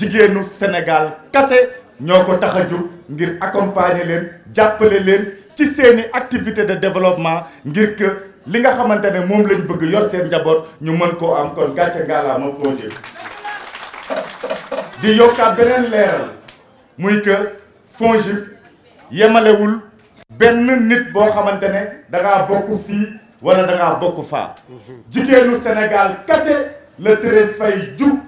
Nous Sénégal kase ñoo ko tax a ngir accompagner leen jàppale leen ci activité de développement ngir que li nga xamante ne moom lañ bëgg yor seen njaboot ñu mën koo am kon gàcce Nous avons di yokkaat beneen leeral muy que fonge yemalewul benn nit mm-hmm. Sénégal kase le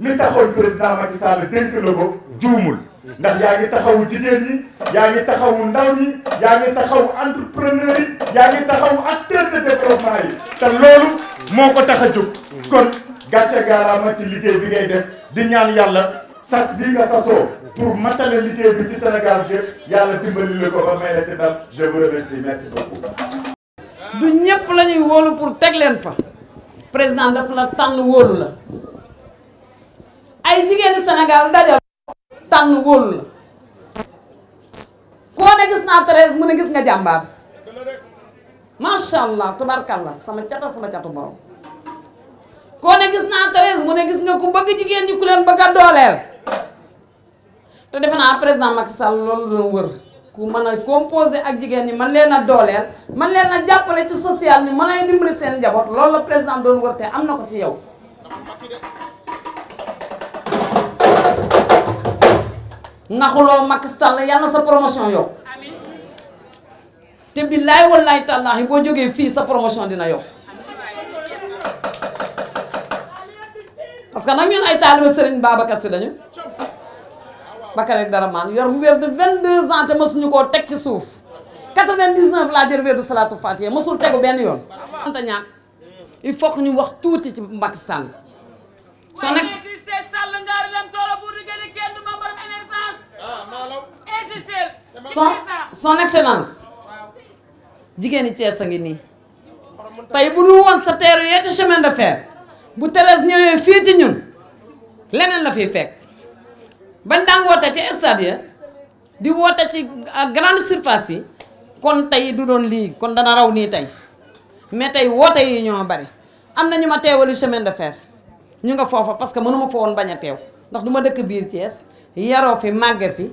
li taxoon président Macky Sall dénk la ko juumul ndax yaa ngi taxawu jigéen ñi yaa ngi taxawu ndaw ñi yaa ngi taxawu entrepreneur yi yaa ngi taxawu acteur de développement yi te loolu moo ko tax a jóg kon gàcce a ci liggéey bi ngay def di ñaan yàlla sas bii nga sasoo pour matale liggéey bi ci Sénégal gépp yàlla dimbali la ko ba may la ci ndam je vous remercie merci beaucoup du ñëpp la ñuy wóolu pour teg leen fa président dafa la tànn wóolu la ay jigen Senegal, dajal tànn wóolu la ne gis na Thérèse mu ne gis nga jambar macha allah sama cata sama catu mo ko ne gis na Thérèse mu ne gis nga ku bëgg jigen ñu ku leen bëgg a te defe naa président Macky Sall loolu do wër ku mëna composer ak jigen ni man leena a man leena jappalé ci social ni man lay dimbali seen loolu la président doon wër té amna ko ci yow naxuloo Macky Sall yàlla na sa promotion yokk te billaay wallaay tàllaahi boo jógee fii sa promotion dina yokk parce que nag ñun ay taalibe Serigne Babacar Sy ba Bakary dara maan yor bu wér de 22 ans te mësuñu koo teg ci suuf 99 laa jër wér du salaatu fatiha mësul tegu benn yoon. wante ñaan il faut ñu wax tuuti ci Macky soo nekk. son son excellence jigéen ñi Thiès a ngi nii tay bu ñu woon sa teeru yee ci chemin de fer bu Thérèse ñëwee fii ci ñun leneen la fiy fekk bañ daan woote ci stade ya di woote ci grande surface yi kon tey du doon lii kon dana raw nii tey mais tey woote yi ñoo bari am na ñu ma teewalu chemin de fer ñu nga foofa parce que mënuma fa woon bañ a teew ndax du ma dëkk biir Thiès yaroo fi màgge fi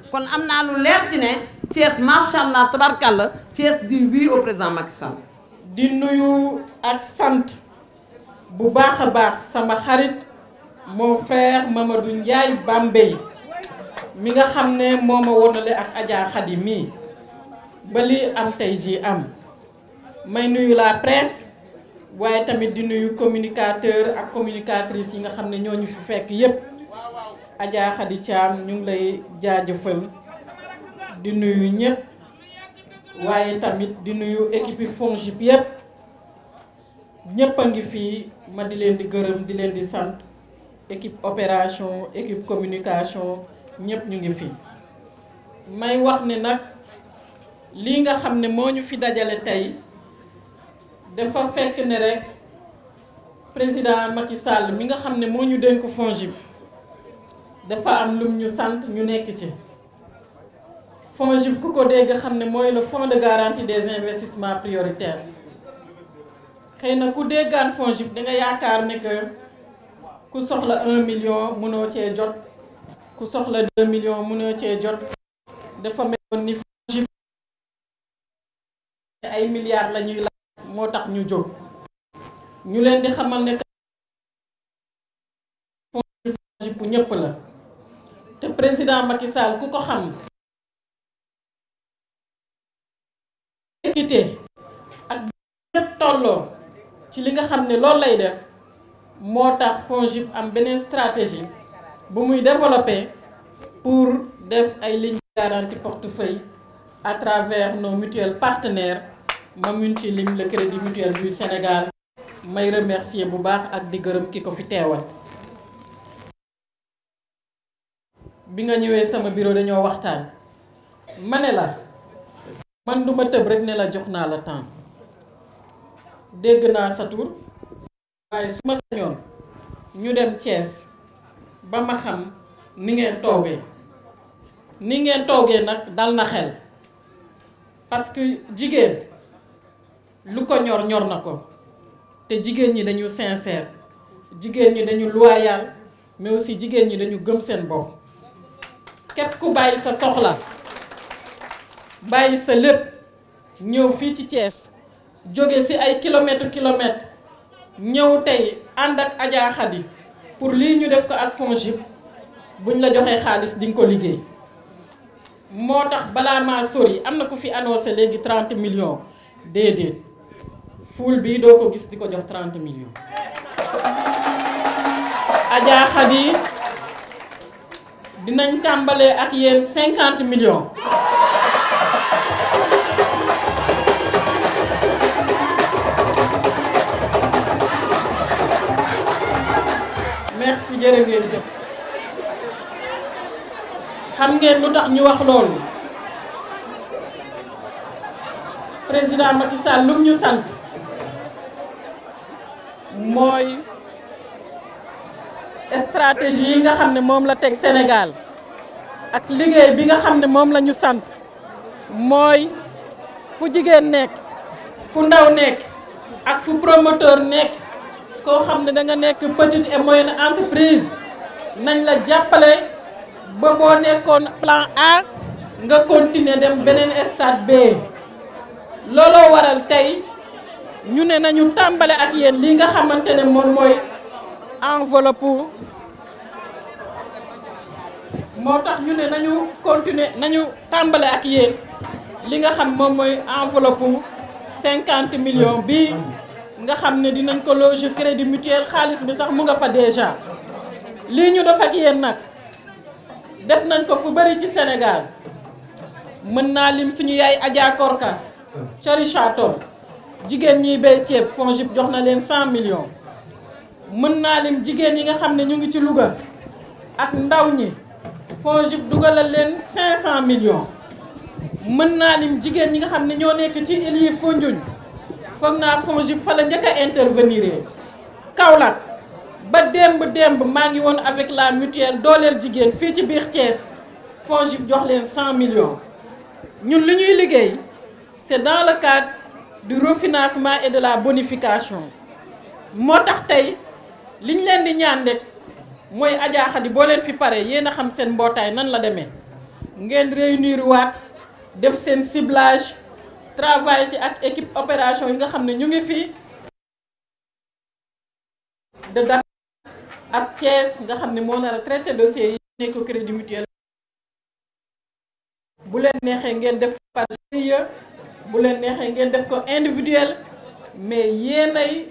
kon am naa lu leer ci ne Thiès macha allah tabarkàlla Thiès di wii au président Macky di nuyu ak sant bu baax a baax sama xarit mon frère Mamadou Ndiaye Bambey mi nga xam ne moo ma wonale ak ajaaxadi mii bali lii am tey jii am may nuyu la presse waaye tamit di nuyu communicateur ak communicatrice yi nga xam ne ñoo ñu fi fekk yépp Adja Khady ñu ngi lay jaajëfal di nuyu ñëpp waaye tamit di nuyu équipe FONGIP yëpp ñëpp a ngi fii ma di leen di gërëm di leen di sant équipe opération équipe communication ñëpp ñu ngi fii may wax ne nag lii nga xam ne moo ñu fi dajale tey dafa fekk ne rek président Macky Sall mi nga xam ne moo ñu dénk FONGIP dafa am lum ñu sant ñu nekk ci FONGIP ku ko dégg xam ne mooy le fonds de garantie des investissements prioritaires xëy na ku déggaan FONGIP da nga yaakaar ne que ku soxla un million mënoo cee jot ku soxla deux millions mënoo cee jot dafa meloon ni FONGIP ay milliards la ñuy laaj moo tax ñu jóg ñu leen di xamal ne FONGIP bu ñëpp la le président Macky Sall qui ko xam équité et ñëpp tolloo ci li nga xam ne loolu lay def moo tax am stratégie bu muy développer pour faire ay lignes garantie portefeuille à travers nos mutuelles partenaires ma mun ci le crédit mutuel du Sénégal may remercier bu baax ak di gërëm ki fi bi nga ñëwee sama biro dañoo waxtaan ma ne la man du tëb rek ne la jox naa la temps dégg naa sa tur waaye su ma sañoon ñu dem Thiès ba ma xam ni ngeen toogee ni ngeen toogee nag dal na xel parce que jigéen lu ko ñor ñor na ko te jigéen ñi dañu sincère jigéen ñi dañu loyal mais si jigéen ñi dañu gëm seen bopp képp ku bàyyi sa soxla bàyyi sa lépp ñëw fii ci Thiès jóge ci ay kilomètre kilomètre ñëw tey ànd ak Adja pour lii ñu def ko ak FONGIP buñ la joxee xaalis di nga ko liggéey moo tax balaa maa sori am na ku fi annoncé léegi 30 million déedéet fuul bii doo ko gis di ko jox 30 millions Adja dinañ tàmbalee ak yeen 50 millions merci jërë ngeen jëf xam ngeen ñu wax loolu président Macky Sall lum ñu sant mooy stratégie yi nga xam ne moom la teg Sénégal ak liggéey bi nga xam ne moom la ñu sant mooy fu jigéen nekk fu ndaw nekk ak fu promoteur nekk koo xam ne da nga nekk petite et moyenne entreprise nañ la jàppale ba boo nekkoon plan A nga continuer dem beneen stade B looloo waral tey ñu ne nañu tàmbale ak yéen li nga xamante ne moom mooy enveloppe moo tax ñu ne nañu continuer nañu tàmbali ak yéen li nga xam moom mooy enveloppe cinquante millions bi nga xam ne dinañ ko loger crédit mutuel xaalis bi sax mu nga fa déjà lii ñu def ak yéen nag def nañ ko fu bari ci senegal mën naa lim suñu yaay Adja Korka Chari Chaton jigéen ñi béy ceeb FONGIP jox na leen cent millions mën jigen yi nga xam ñu ngi ci Louga ak ndaw ñi FONGIP dugalal leen 500 millions mën jigen yi nga xam ño ñoo nekk ci île yi Foundiougne foog naa fa la njëkk a intervenir Kaolack ba demb demb ma ngi won avec la mutuelle dooleel jigen fi ci biir Thiès FONGIP jox leen 100 millions ñun li ñuy liggéey c'est dans le cadre du refinancement et de la bonification motax tay liñ leen di ñaan de mooy Adja Khady boo leen fi pare yéen a xam seen mbootaay nan la demee ngeen réunir waat def seen ciblage travail ci ak équipe opération yi nga xam ne ñu ngi fi. de Dakar ak Thiès nga xam ne moo nar a traité dossier yi nekk crédit mutuel. bu leen neexee ngeen def par GIE bu leen neexee ngeen def ko individuel mais yéenay.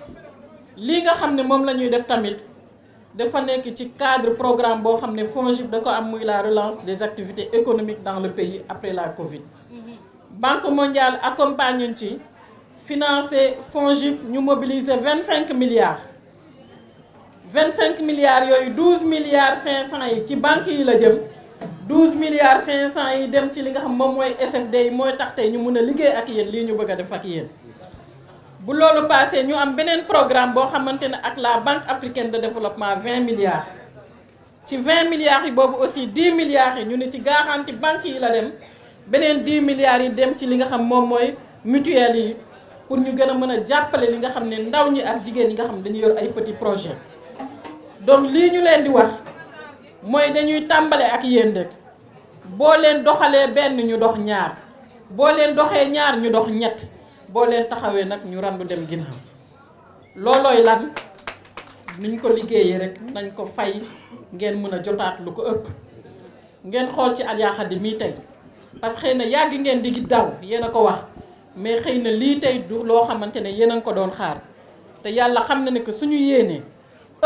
li nga nous ne moom la ñuy def tamit du cadre programme boo xam fonds fongib da ko la relance des activités économiques dans le pays après la covid banque mondiale accompagne ci fonds fongib ñu mobiliser 25 milliards 25 milliards et 12 milliards 500 qui ci banque yi la jëm 12 milliards 500 yi dem ci li nga xam moom mooy sfd yi mooy tax fait ñu mun a liggéey ak yéen lii ñu bëgg def ak bu loolu passé ñu am un programme boo xamante ak la banque africaine de développement 20 milliards ci 20 milliards yi boobu aussi 10 milliards yi ñu garantis ci garantie banque yi la dem beneen 10 milliards yi dem ci li nga xam moom mutuelle yi pour ñu gën a mën a jàppale li nga xam ne ndaw ñi ak jigéen ñi nga xam ne yor ay petits projets donc lii ñu leen di wax mooy dañuy tàmbale ak yéen rek boo leen doxalee benn ñu dox ñaar nous leen doxee ñaar ñu dox boo leen taxawee nag ñu randu dem ginnaaw loolooy lan nuñ ko liggéeyee rek nañ ko fay ngeen mën a jotaat lu ko ëpp ngeen xool ci Adja Khady mii tey parce xëy na yàgg ngeen di daw yéen a ko wax mais xëy na lii tey du loo xamante ne yéen a ngi ko doon xaar te yàlla xam na ne que suñu yéenee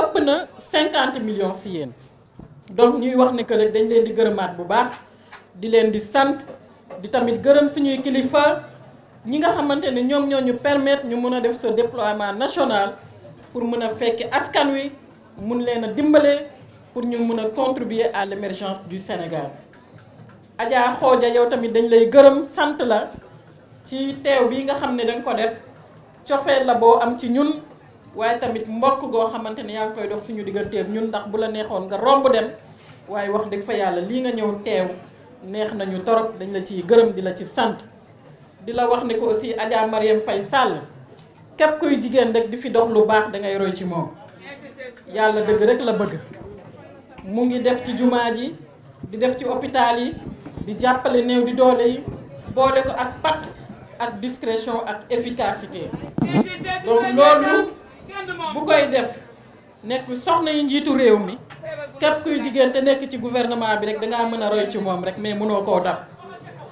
ëpp na cinquante million si yéen donc ñuy wax ne que rek dañ leen di gërëmaat bu baax di leen di sant di tamit gërëm suñuy kilifa. ñi nga xamante ñom ñoom ñoo ñu permettre ñu mëna def ce déploiement national pour mëna fekk askan wi mën leena a pour ñu mëna contribuer à l'émergence du Sénégal. Adja Xooja yow tamit dañ lay gëreum sante la ci teew bi nga xamné dañ ko def cofeel la bo am ci ñun waye tamit mbokk go xamante ne yaa koy dox suñu digënté ñun ndax bu la neexoon nga romb dem waye wax dëgg fa yalla li nga ñew teew neex nañu torop dañ la ci gëreum di la ci sante dila wax ne ko aussi Adja Mariam Faye Sall képp kuy jigéen rek di fi dox lu bax da ngay roy ci mom yalla deug rek la bëgg mu ngi def ci jumaa di def ci hôpital yi di jàppale new di doole yi boole ko ak pat ak discrétion ak efficacité donc loolu bu koy def nek soxna yi njitu réew mi képp kuy jigéen te nek ci gouvernement bi rek da nga a roy ci mom rek mais mënoo ko dab